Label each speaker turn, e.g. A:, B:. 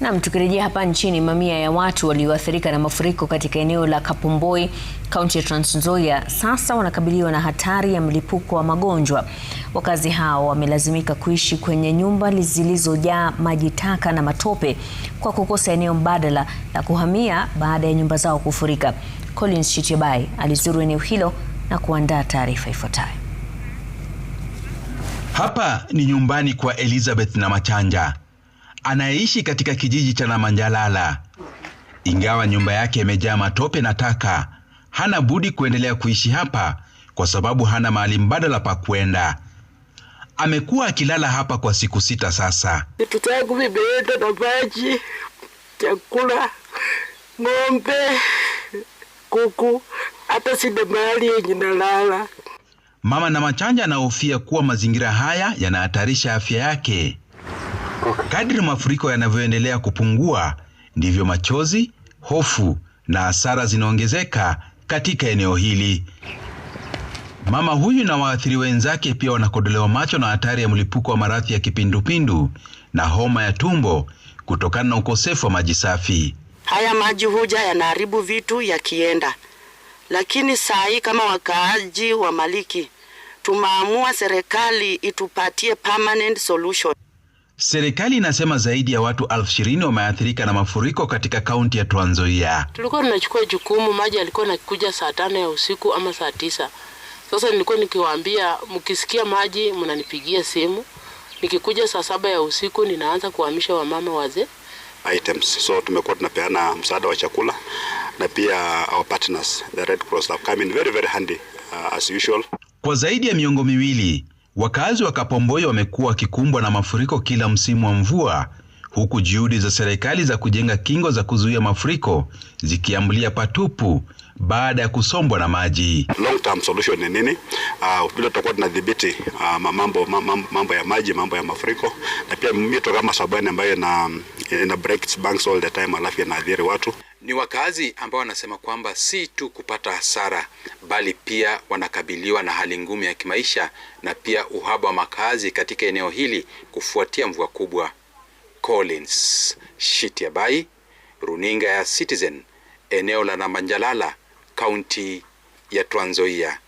A: Nam, tukirejea hapa nchini, mamia ya watu walioathirika na mafuriko katika eneo la Kapomboi, kaunti ya Trans Nzoia, sasa wanakabiliwa na hatari ya mlipuko wa magonjwa. Wakazi hao wamelazimika kuishi kwenye nyumba zilizojaa maji taka na matope kwa kukosa eneo mbadala la kuhamia baada ya nyumba zao kufurika. Collins Chichebai alizuru eneo hilo na kuandaa taarifa ifuatayo.
B: Hapa ni nyumbani kwa Elizabeth na Machanja anayeishi katika kijiji cha Namanjalala. Ingawa nyumba yake imejaa matope na taka, hana budi kuendelea kuishi hapa kwa sababu hana mahali mbadala pa kwenda. Amekuwa akilala hapa kwa siku sita sasa.
C: Vitu vyangu vimeenda na maji, chakula, ng'ombe, kuku, hata sina mahali yenye nalala.
B: Mama machanja anahofia kuwa mazingira haya yanahatarisha afya yake. Kadri mafuriko yanavyoendelea kupungua, ndivyo machozi, hofu na hasara zinaongezeka katika eneo hili. Mama huyu na waathiri wenzake pia wanakodolewa macho na hatari ya mlipuko wa maradhi ya kipindupindu na homa ya tumbo kutokana na ukosefu wa maji safi.
D: Haya maji huja yanaharibu vitu yakienda, lakini saa hii kama wakaaji wa Maliki tumeamua serikali itupatie permanent solution.
B: Serikali inasema zaidi ya watu elfu ishirini wameathirika na mafuriko katika kaunti ya Trans Nzoia.
E: Tulikuwa tunachukua jukumu, maji yalikuwa nakuja saa tano ya usiku ama saa tisa. Sasa nilikuwa nikiwaambia mkisikia maji mnanipigia simu, nikikuja saa saba ya usiku ninaanza kuhamisha wamama wazee
F: items so tumekuwa tunapeana msaada wa chakula na pia our partners the Red Cross have come in very very handy uh, as usual.
B: Kwa zaidi ya miongo miwili Wakazi wa Kapomboi wamekuwa wakikumbwa na mafuriko kila msimu wa mvua huku juhudi za serikali za kujenga kingo za kuzuia mafuriko zikiambulia patupu baada ya kusombwa na maji.
F: Long term solution ni nini? Uh, ah, bila tutakuwa tunadhibiti uh, mambo, mambo, mambo ya maji, mambo ya mafuriko na pia mito kama Sabani ambayo ina, ina breaks banks all the time alafu inaathiri watu.
G: Ni wakazi ambao wanasema kwamba si tu kupata hasara bali pia wanakabiliwa na hali ngumu ya kimaisha na pia uhaba wa makazi katika eneo hili kufuatia mvua kubwa. Collins Shitiabai, runinga ya Citizen, eneo la Namanjalala, kaunti ya Trans Nzoia.